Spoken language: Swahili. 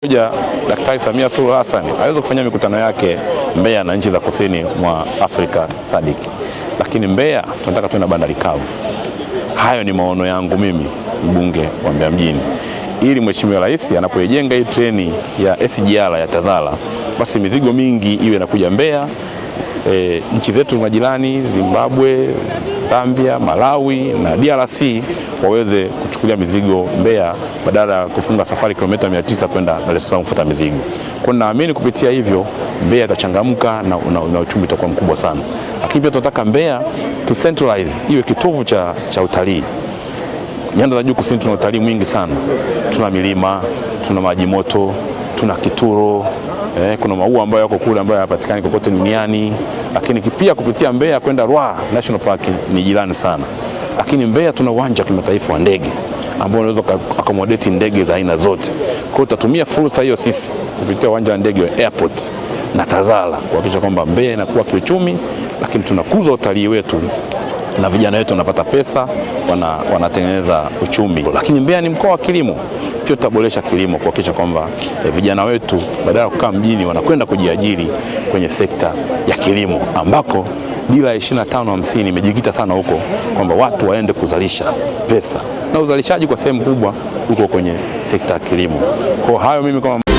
Kuja Daktari Samia Suluhu Hassan aweze kufanya mikutano yake Mbeya na nchi za kusini mwa Afrika sadiki, lakini Mbeya tunataka tuwe na bandari kavu. Hayo ni maono yangu mimi mbunge wa Mbeya mjini, ili Mheshimiwa Rais anapoijenga hii treni ya SGR ya Tazara, basi mizigo mingi iwe inakuja Mbeya e, nchi zetu majirani Zimbabwe, Zambia, Malawi na DRC waweze kuchukulia mizigo Mbeya badala ya kufunga safari kilomita 900 kwenda Dar es Salaam kufuta mizigo. Kwa naamini kupitia hivyo Mbeya itachangamka na, na, na uchumi utakuwa mkubwa sana, lakini pia tunataka Mbeya tu centralize iwe kitovu cha, cha utalii. Nyanda za juu kusini tuna utalii mwingi sana, tuna milima, tuna maji moto tuna kituro eh, kuna maua ambayo yako kule ambayo hayapatikani kokote duniani, lakini pia kupitia Mbeya kwenda Ruaha National Park ni jirani sana, lakini Mbeya tuna uwanja wa kimataifa wa ndege ambao unaweza accommodate ndege za aina zote. Kwa hiyo tutatumia fursa hiyo sisi kupitia uwanja wa ndege wa airport na Tazara kuhakikisha kwamba Mbeya inakuwa kiuchumi, lakini tunakuza utalii wetu na vijana wetu wanapata pesa, wana, wanatengeneza uchumi. Lakini Mbeya ni mkoa wa kilimo hicho tutaboresha kilimo kuhakikisha kwamba e, vijana wetu badala ya kukaa mjini wanakwenda kujiajiri kwenye sekta ya kilimo ambako dira ya 2550 imejikita sana huko kwamba watu waende kuzalisha pesa na uzalishaji kwa sehemu kubwa uko kwenye sekta ya kilimo. Kwa hayo mimi kama